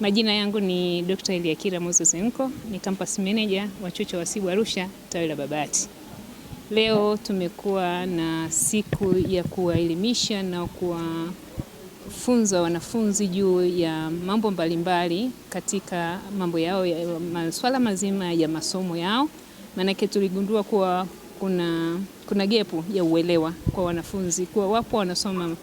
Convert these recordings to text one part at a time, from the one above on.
Majina yangu ni Dr. Eliakira Moses Nko, ni campus manager wa chuo cha wasibu Arusha tawi la Babati. Leo tumekuwa na siku ya kuwaelimisha na kuwafunza wanafunzi juu ya mambo mbalimbali katika mambo yao ya masuala mazima ya masomo yao, maanake tuligundua kuwa kuna, kuna gepu ya uelewa kwa wanafunzi kuwa wapo wanasoma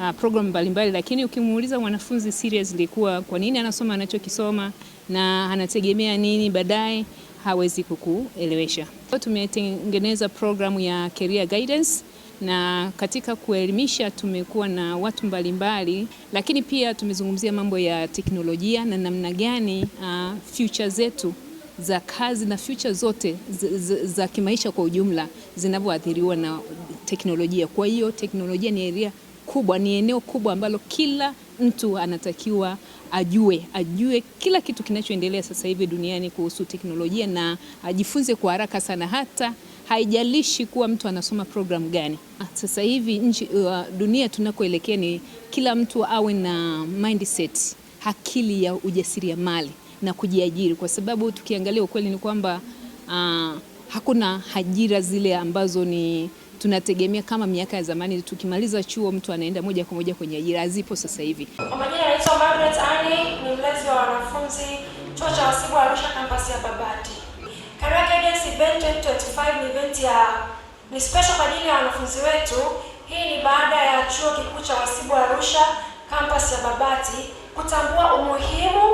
uh, program mbalimbali, lakini ukimuuliza mwanafunzi seriously kuwa kwa nini anasoma anachokisoma na anategemea nini baadaye, hawezi kukuelewesha. Tumetengeneza programu ya career guidance na katika kuelimisha tumekuwa na watu mbalimbali mbali, lakini pia tumezungumzia mambo ya teknolojia na namna gani uh, future zetu za kazi na future zote z, z, za kimaisha kwa ujumla zinavyoathiriwa na teknolojia. Kwa hiyo teknolojia ni area kubwa, ni eneo kubwa ambalo kila mtu anatakiwa ajue ajue kila kitu kinachoendelea sasa hivi duniani kuhusu teknolojia na ajifunze kwa haraka sana, hata haijalishi kuwa mtu anasoma program gani. Ah, sasa hivi nchi, uh, dunia tunakoelekea ni kila mtu awe na mindset, akili ya ujasiriamali na kujiajiri, kwa sababu tukiangalia ukweli ni kwamba uh, hakuna ajira zile ambazo ni tunategemea kama miaka ya zamani, tukimaliza chuo mtu anaenda moja kwa moja kwenye ajira, zipo sasa hivi. Kwa majina naitwa Margaret Ani, ni mlezi wa wanafunzi chuo cha wasibu Arusha kampasi ya Babati. Career Guidance Event 2025 ni event ya ni special kwa ajili ya wanafunzi wetu. Hii ni baada ya chuo kikuu cha wasibu Arusha kampasi ya Babati kutambua umuhimu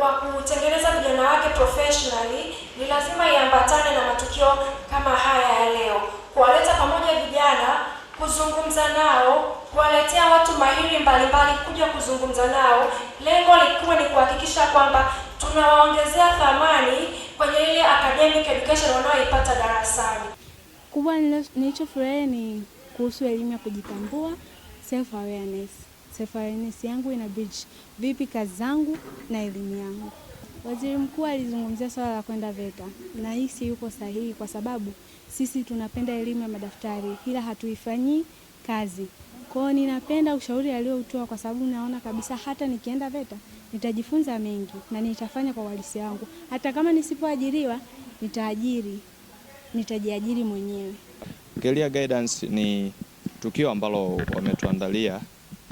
wa kutengeneza vijana wake professionally, ni lazima iambatane na matukio kama haya ya leo vijana kuzungumza nao, kuwaletea watu mahiri mbalimbali kuja kuzungumza nao, lengo likuwa ni kuhakikisha kwamba tunawaongezea thamani kwenye ile academic education wanaoipata darasani. Kubwa nilichofurahia ni kuhusu elimu ya kujitambua, self awareness. Self awareness yangu ina bridge vipi kazi zangu na elimu yangu. Waziri Mkuu alizungumzia swala la kwenda VETA. Nahisi yuko sahihi kwa sababu sisi tunapenda elimu ya madaftari ila hatuifanyii kazi. Kwa hiyo ninapenda ushauri aliyoutoa kwa sababu naona kabisa hata nikienda VETA nitajifunza mengi na nitafanya kwa uhalisia wangu. Hata kama nisipoajiriwa nitaajiri, nitajiajiri mwenyewe. Career Guidance ni tukio ambalo wametuandalia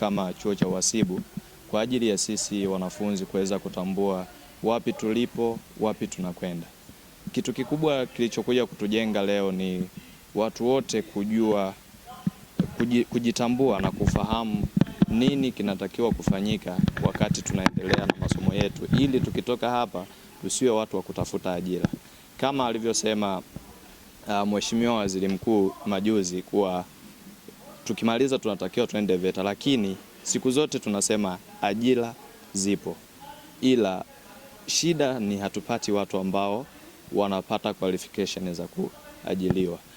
kama chuo cha uhasibu kwa ajili ya sisi wanafunzi kuweza kutambua wapi tulipo, wapi tunakwenda. Kitu kikubwa kilichokuja kutujenga leo ni watu wote kujua kujitambua na kufahamu nini kinatakiwa kufanyika wakati tunaendelea na masomo yetu, ili tukitoka hapa tusiwe watu wa kutafuta ajira, kama alivyosema uh, Mheshimiwa Waziri Mkuu majuzi kuwa tukimaliza tunatakiwa tuende VETA, lakini siku zote tunasema ajira zipo ila Shida ni hatupati watu ambao wanapata qualification za kuajiliwa.